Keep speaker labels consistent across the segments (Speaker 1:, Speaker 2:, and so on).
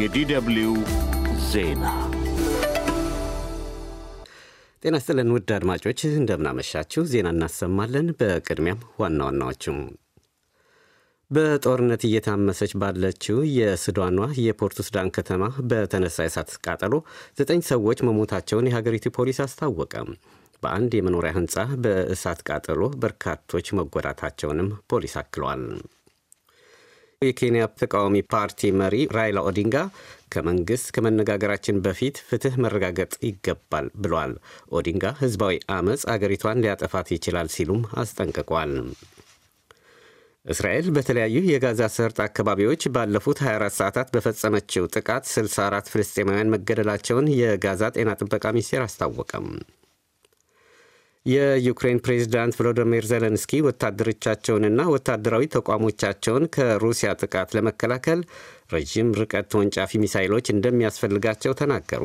Speaker 1: የዲደብሊው ዜና ጤና ስጥልን ውድ አድማጮች እንደምናመሻችው ዜና እናሰማለን። በቅድሚያም ዋና ዋናዎቹም በጦርነት እየታመሰች ባለችው የስዳኗ የፖርት ሱዳን ከተማ በተነሳ የእሳት ቃጠሎ ዘጠኝ ሰዎች መሞታቸውን የሀገሪቱ ፖሊስ አስታወቀ። በአንድ የመኖሪያ ህንፃ በእሳት ቃጠሎ በርካቶች መጎዳታቸውንም ፖሊስ አክለዋል። የኬንያ ተቃዋሚ ፓርቲ መሪ ራይላ ኦዲንጋ ከመንግስት ከመነጋገራችን በፊት ፍትህ መረጋገጥ ይገባል ብሏል። ኦዲንጋ ህዝባዊ አመፅ አገሪቷን ሊያጠፋት ይችላል ሲሉም አስጠንቅቋል። እስራኤል በተለያዩ የጋዛ ሰርጥ አካባቢዎች ባለፉት 24 ሰዓታት በፈጸመችው ጥቃት 64 ፍልስጤማውያን መገደላቸውን የጋዛ ጤና ጥበቃ ሚኒስቴር አስታወቀም። የዩክሬን ፕሬዚዳንት ቮሎዶሚር ዘለንስኪ ወታደሮቻቸውንና ወታደራዊ ተቋሞቻቸውን ከሩሲያ ጥቃት ለመከላከል ረዥም ርቀት ተወንጫፊ ሚሳይሎች እንደሚያስፈልጋቸው ተናገሩ።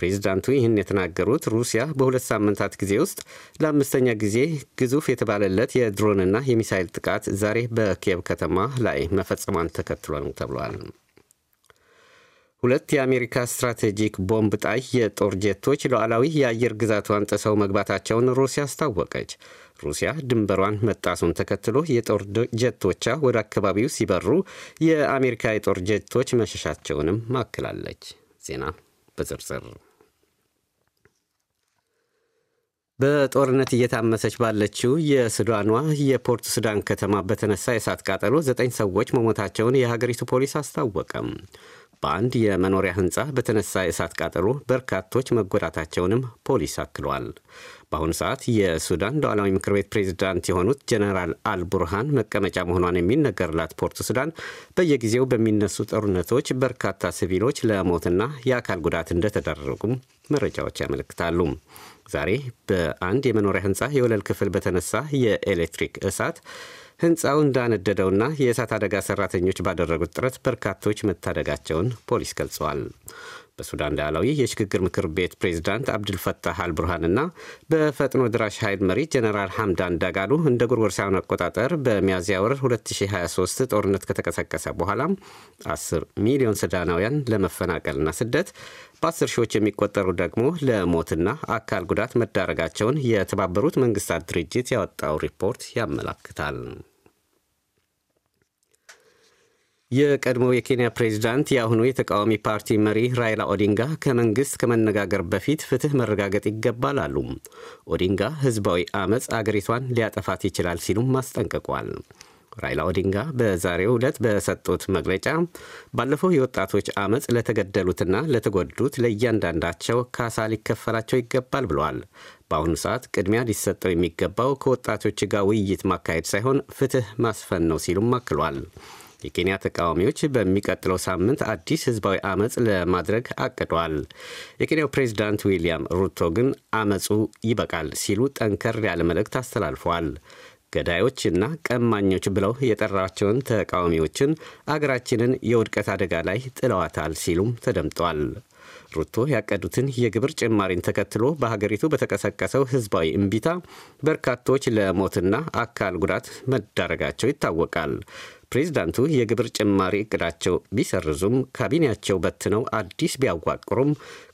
Speaker 1: ፕሬዚዳንቱ ይህን የተናገሩት ሩሲያ በሁለት ሳምንታት ጊዜ ውስጥ ለአምስተኛ ጊዜ ግዙፍ የተባለለት የድሮንና የሚሳይል ጥቃት ዛሬ በኪየቭ ከተማ ላይ መፈጸሟን ተከትሎ ነው ተብሏል። ሁለት የአሜሪካ ስትራቴጂክ ቦምብ ጣይ የጦር ጄቶች ሉዓላዊ የአየር ግዛቷን ጥሰው መግባታቸውን ሩሲያ አስታወቀች። ሩሲያ ድንበሯን መጣሱን ተከትሎ የጦር ጀቶቿ ወደ አካባቢው ሲበሩ የአሜሪካ የጦር ጀቶች መሸሻቸውንም ማክላለች። ዜና በዝርዝር በጦርነት እየታመሰች ባለችው የሱዳኗ የፖርት ሱዳን ከተማ በተነሳ የእሳት ቃጠሎ ዘጠኝ ሰዎች መሞታቸውን የሀገሪቱ ፖሊስ አስታወቀም። በአንድ የመኖሪያ ህንፃ በተነሳ የእሳት ቃጠሎ በርካቶች መጎዳታቸውንም ፖሊስ አክሏል። በአሁኑ ሰዓት የሱዳን ሉዓላዊ ምክር ቤት ፕሬዝዳንት የሆኑት ጀነራል አልቡርሃን መቀመጫ መሆኗን የሚነገርላት ፖርት ሱዳን በየጊዜው በሚነሱ ጦርነቶች በርካታ ሲቪሎች ለሞትና የአካል ጉዳት እንደተደረጉ መረጃዎች ያመለክታሉ። ዛሬ በአንድ የመኖሪያ ህንፃ የወለል ክፍል በተነሳ የኤሌክትሪክ እሳት ህንፃው እንዳነደደውና የእሳት አደጋ ሰራተኞች ባደረጉት ጥረት በርካቶች መታደጋቸውን ፖሊስ ገልጸዋል። በሱዳን ሉዓላዊ የሽግግር ምክር ቤት ፕሬዚዳንት አብድልፈታህ አልቡርሃንና በፈጥኖ ድራሽ ኃይል መሪ ጀነራል ሐምዳን ዳጋሉ እንደ ጎርጎሮሳውያን አቆጣጠር በሚያዝያ ወር 2023 ጦርነት ከተቀሰቀሰ በኋላ 10 ሚሊዮን ሱዳናውያን ለመፈናቀልና ስደት በአስር ሺዎች የሚቆጠሩ ደግሞ ለሞትና አካል ጉዳት መዳረጋቸውን የተባበሩት መንግስታት ድርጅት ያወጣው ሪፖርት ያመላክታል። የቀድሞው የኬንያ ፕሬዚዳንት የአሁኑ የተቃዋሚ ፓርቲ መሪ ራይላ ኦዲንጋ ከመንግሥት ከመነጋገር በፊት ፍትሕ መረጋገጥ ይገባል አሉ። ኦዲንጋ ህዝባዊ አመፅ አገሪቷን ሊያጠፋት ይችላል ሲሉም አስጠንቅቋል። ራይላ ኦዲንጋ በዛሬው ዕለት በሰጡት መግለጫ ባለፈው የወጣቶች አመፅ ለተገደሉትና ለተጎዱት ለእያንዳንዳቸው ካሳ ሊከፈላቸው ይገባል ብለዋል። በአሁኑ ሰዓት ቅድሚያ ሊሰጠው የሚገባው ከወጣቶች ጋር ውይይት ማካሄድ ሳይሆን ፍትሕ ማስፈን ነው ሲሉም አክሏል። የኬንያ ተቃዋሚዎች በሚቀጥለው ሳምንት አዲስ ህዝባዊ አመፅ ለማድረግ አቅዷል። የኬንያው ፕሬዚዳንት ዊልያም ሩቶ ግን አመፁ ይበቃል ሲሉ ጠንከር ያለ መልእክት ገዳዮች ገዳዮችና ቀማኞች ብለው የጠራቸውን ተቃዋሚዎችን አገራችንን የውድቀት አደጋ ላይ ጥለዋታል ሲሉም ተደምጧል። ሩቶ ያቀዱትን የግብር ጭማሪን ተከትሎ በሀገሪቱ በተቀሰቀሰው ህዝባዊ እምቢታ በርካቶች ለሞትና አካል ጉዳት መዳረጋቸው ይታወቃል። ፕሬዚዳንቱ የግብር ጭማሪ እቅዳቸው ቢሰርዙም ካቢኔያቸው በትነው አዲስ ቢያዋቅሩም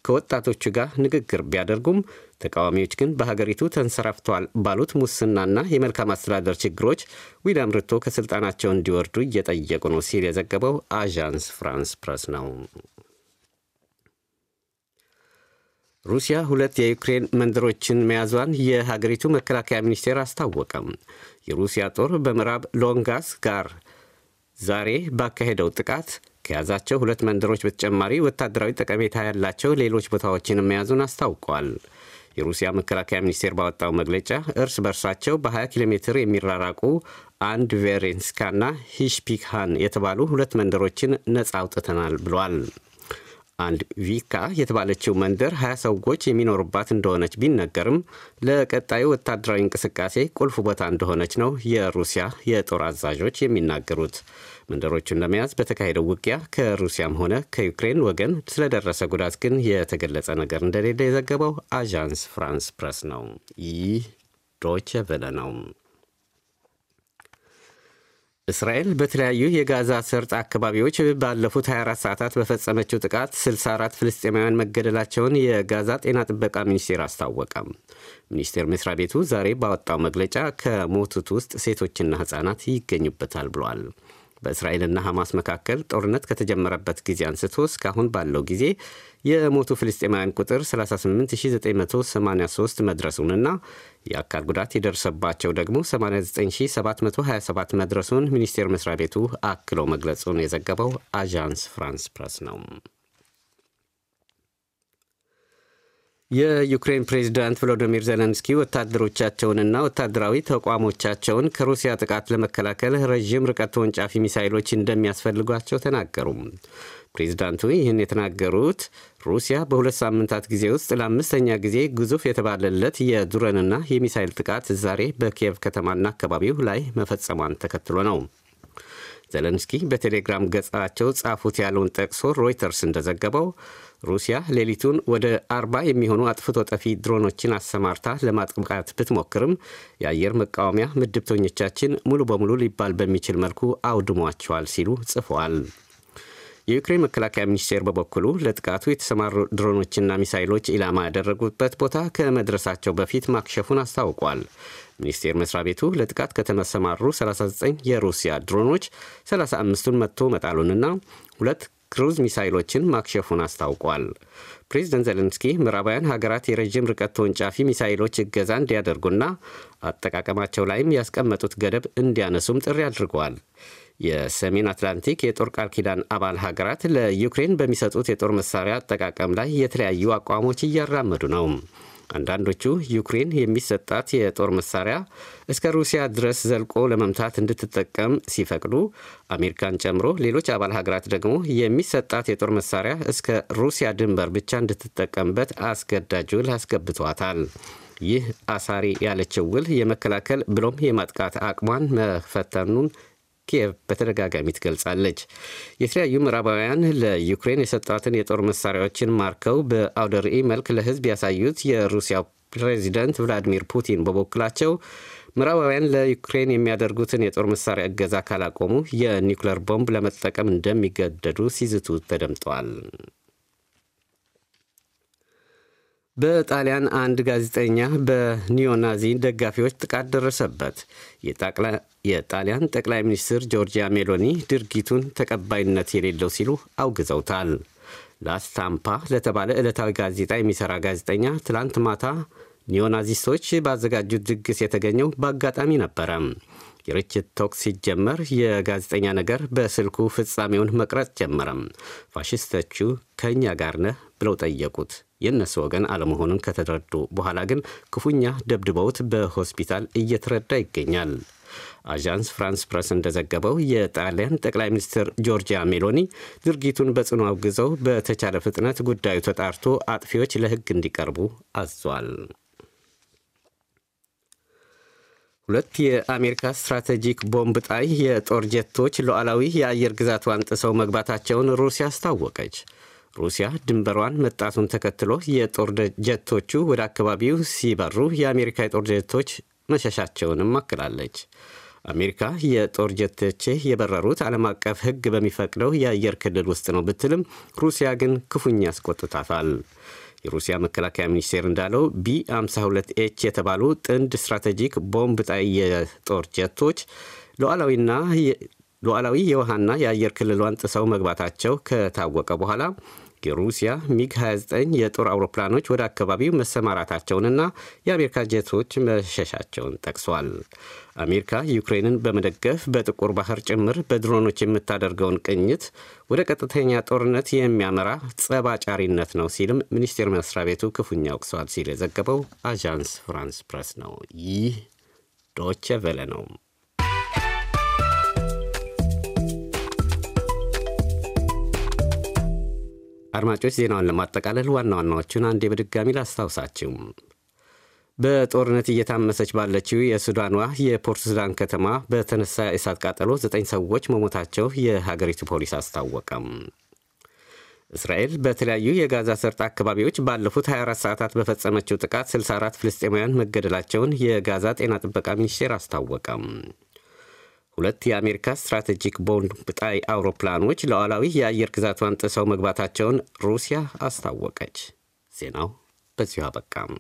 Speaker 1: ከወጣቶቹ ጋር ንግግር ቢያደርጉም ተቃዋሚዎች ግን በሀገሪቱ ተንሰራፍተዋል ባሉት ሙስናና የመልካም አስተዳደር ችግሮች ዊልያም ሩቶ ከስልጣናቸው እንዲወርዱ እየጠየቁ ነው ሲል የዘገበው አዣንስ ፍራንስ ፕረስ ነው። ሩሲያ ሁለት የዩክሬን መንደሮችን መያዟን የሀገሪቱ መከላከያ ሚኒስቴር አስታወቀም። የሩሲያ ጦር በምዕራብ ሎንጋስ ጋር ዛሬ ባካሄደው ጥቃት ከያዛቸው ሁለት መንደሮች በተጨማሪ ወታደራዊ ጠቀሜታ ያላቸው ሌሎች ቦታዎችን መያዙን አስታውቋል። የሩሲያ መከላከያ ሚኒስቴር ባወጣው መግለጫ እርስ በርሳቸው በ20 ኪሎ ሜትር የሚራራቁ አንድ ቬሬንስካና ሂሽፒክሃን የተባሉ ሁለት መንደሮችን ነጻ አውጥተናል ብሏል። አንድ ቪካ የተባለችው መንደር ሀያ ሰዎች የሚኖሩባት እንደሆነች ቢነገርም ለቀጣዩ ወታደራዊ እንቅስቃሴ ቁልፍ ቦታ እንደሆነች ነው የሩሲያ የጦር አዛዦች የሚናገሩት። መንደሮቹን ለመያዝ በተካሄደው ውጊያ ከሩሲያም ሆነ ከዩክሬን ወገን ስለደረሰ ጉዳት ግን የተገለጸ ነገር እንደሌለ የዘገበው አዣንስ ፍራንስ ፕረስ ነው። ይህ ዶይቼ ቬለ ነው። እስራኤል በተለያዩ የጋዛ ሰርጥ አካባቢዎች ባለፉት 24 ሰዓታት በፈጸመችው ጥቃት 64 ፍልስጤማውያን መገደላቸውን የጋዛ ጤና ጥበቃ ሚኒስቴር አስታወቀም። ሚኒስቴር መስሪያ ቤቱ ዛሬ ባወጣው መግለጫ ከሞቱት ውስጥ ሴቶችና ሕፃናት ይገኙበታል ብሏል። በእስራኤልና ሐማስ መካከል ጦርነት ከተጀመረበት ጊዜ አንስቶ እስካሁን ባለው ጊዜ የሞቱ ፍልስጤማውያን ቁጥር 38983 መድረሱንና የአካል ጉዳት የደረሰባቸው ደግሞ 89727 መድረሱን ሚኒስቴር መስሪያ ቤቱ አክሎ መግለጹን የዘገበው አዣንስ ፍራንስ ፕረስ ነው። የዩክሬን ፕሬዚዳንት ቮሎዶሚር ዘለንስኪ ወታደሮቻቸውንና ወታደራዊ ተቋሞቻቸውን ከሩሲያ ጥቃት ለመከላከል ረዥም ርቀት ተወንጫፊ ሚሳይሎች እንደሚያስፈልጓቸው ተናገሩም። ፕሬዚዳንቱ ይህን የተናገሩት ሩሲያ በሁለት ሳምንታት ጊዜ ውስጥ ለአምስተኛ ጊዜ ግዙፍ የተባለለት የድሮንና የሚሳይል ጥቃት ዛሬ በኪየቭ ከተማና አካባቢው ላይ መፈጸሟን ተከትሎ ነው። ዘለንስኪ በቴሌግራም ገጻቸው ጻፉት ያለውን ጠቅሶ ሮይተርስ እንደዘገበው ሩሲያ ሌሊቱን ወደ አርባ የሚሆኑ አጥፍቶ ጠፊ ድሮኖችን አሰማርታ ለማጥቃት ብትሞክርም የአየር መቃወሚያ ምድብተኞቻችን ሙሉ በሙሉ ሊባል በሚችል መልኩ አውድሟቸዋል ሲሉ ጽፈዋል። የዩክሬን መከላከያ ሚኒስቴር በበኩሉ ለጥቃቱ የተሰማሩ ድሮኖችና ሚሳይሎች ኢላማ ያደረጉበት ቦታ ከመድረሳቸው በፊት ማክሸፉን አስታውቋል። ሚኒስቴር መስሪያ ቤቱ ለጥቃት ከተመሰማሩ 39 የሩሲያ ድሮኖች 35ቱን መጥቶ መጣሉንና ሁለት ክሩዝ ሚሳይሎችን ማክሸፉን አስታውቋል። ፕሬዚደንት ዘለንስኪ ምዕራባውያን ሀገራት የረዥም ርቀት ተወንጫፊ ሚሳይሎች እገዛ እንዲያደርጉና አጠቃቀማቸው ላይም ያስቀመጡት ገደብ እንዲያነሱም ጥሪ አድርገዋል። የሰሜን አትላንቲክ የጦር ቃል ኪዳን አባል ሀገራት ለዩክሬን በሚሰጡት የጦር መሳሪያ አጠቃቀም ላይ የተለያዩ አቋሞች እያራመዱ ነው። አንዳንዶቹ ዩክሬን የሚሰጣት የጦር መሳሪያ እስከ ሩሲያ ድረስ ዘልቆ ለመምታት እንድትጠቀም ሲፈቅዱ፣ አሜሪካን ጨምሮ ሌሎች አባል ሀገራት ደግሞ የሚሰጣት የጦር መሳሪያ እስከ ሩሲያ ድንበር ብቻ እንድትጠቀምበት አስገዳጅ ውል ይህ አሳሪ ያለችው ውል የመከላከል ብሎም የማጥቃት አቅሟን መፈተኑን ኪየቭ በተደጋጋሚ ትገልጻለች። የተለያዩ ምዕራባውያን ለዩክሬን የሰጧትን የጦር መሳሪያዎችን ማርከው በአውደ ርዕይ መልክ ለሕዝብ ያሳዩት የሩሲያ ፕሬዚደንት ቭላዲሚር ፑቲን በበኩላቸው ምዕራባውያን ለዩክሬን የሚያደርጉትን የጦር መሳሪያ እገዛ ካላቆሙ የኒውክለር ቦምብ ለመጠቀም እንደሚገደዱ ሲዝቱ ተደምጠዋል። በጣሊያን አንድ ጋዜጠኛ በኒዮናዚ ደጋፊዎች ጥቃት ደረሰበት። የጣሊያን ጠቅላይ ሚኒስትር ጆርጂያ ሜሎኒ ድርጊቱን ተቀባይነት የሌለው ሲሉ አውግዘውታል። ላስታምፓ ለተባለ ዕለታዊ ጋዜጣ የሚሠራ ጋዜጠኛ ትላንት ማታ ኒዮናዚስቶች ባዘጋጁት ድግስ የተገኘው በአጋጣሚ ነበረ። የርችት ቶክስ ሲጀመር የጋዜጠኛ ነገር በስልኩ ፍጻሜውን መቅረጽ ጀመረም። ፋሽስቶቹ ከእኛ ጋር ነህ ብለው ጠየቁት። የእነሱ ወገን አለመሆኑን ከተረዱ በኋላ ግን ክፉኛ ደብድበውት በሆስፒታል እየተረዳ ይገኛል። አዣንስ ፍራንስ ፕረስ እንደዘገበው የጣሊያን ጠቅላይ ሚኒስትር ጆርጂያ ሜሎኒ ድርጊቱን በጽኑ አውግዘው በተቻለ ፍጥነት ጉዳዩ ተጣርቶ አጥፊዎች ለሕግ እንዲቀርቡ አዟል። ሁለት የአሜሪካ ስትራቴጂክ ቦምብ ጣይ የጦር ጀቶች ሉዓላዊ የአየር ግዛቷን ጥሰው መግባታቸውን ሩሲያ አስታወቀች። ሩሲያ ድንበሯን መጣቱን ተከትሎ የጦር ጀቶቹ ወደ አካባቢው ሲበሩ የአሜሪካ የጦር ጀቶች መሸሻቸውንም አክላለች። አሜሪካ የጦር ጀቶቼ የበረሩት ዓለም አቀፍ ሕግ በሚፈቅደው የአየር ክልል ውስጥ ነው ብትልም ሩሲያ ግን ክፉኛ ያስቆጥታታል። የሩሲያ መከላከያ ሚኒስቴር እንዳለው ቢ 52 ኤች የተባሉ ጥንድ ስትራቴጂክ ቦምብ ጣይ የጦር ጀቶች ሉዓላዊና ሉዓላዊ የውሃና የአየር ክልሏን ጥሰው መግባታቸው ከታወቀ በኋላ የሩሲያ ሚግ 29 የጦር አውሮፕላኖች ወደ አካባቢው መሰማራታቸውንና የአሜሪካ ጀቶች መሸሻቸውን ጠቅሷል። አሜሪካ ዩክሬንን በመደገፍ በጥቁር ባህር ጭምር በድሮኖች የምታደርገውን ቅኝት ወደ ቀጥተኛ ጦርነት የሚያመራ ጸባጫሪነት ነው ሲልም ሚኒስቴር መስሪያ ቤቱ ክፉኛ ወቅሰዋል ሲል የዘገበው አዣንስ ፍራንስ ፕረስ ነው። ይህ ዶቼ ቬለ ነው። አድማጮች ዜናውን ለማጠቃለል ዋና ዋናዎቹን አንዴ በድጋሚ ላስታውሳችሁ። በጦርነት እየታመሰች ባለችው የሱዳኗ የፖርት ሱዳን ከተማ በተነሳ የእሳት ቃጠሎ ዘጠኝ ሰዎች መሞታቸው የሀገሪቱ ፖሊስ አስታወቀም። እስራኤል በተለያዩ የጋዛ ሰርጥ አካባቢዎች ባለፉት 24 ሰዓታት በፈጸመችው ጥቃት 64 ፍልስጤማውያን መገደላቸውን የጋዛ ጤና ጥበቃ ሚኒስቴር አስታወቀም። ሁለት የአሜሪካ ስትራቴጂክ ቦምብ ጣይ አውሮፕላኖች ሉዓላዊ የአየር ግዛቷን ጥሰው መግባታቸውን ሩሲያ አስታወቀች። ዜናው በዚሁ አበቃም።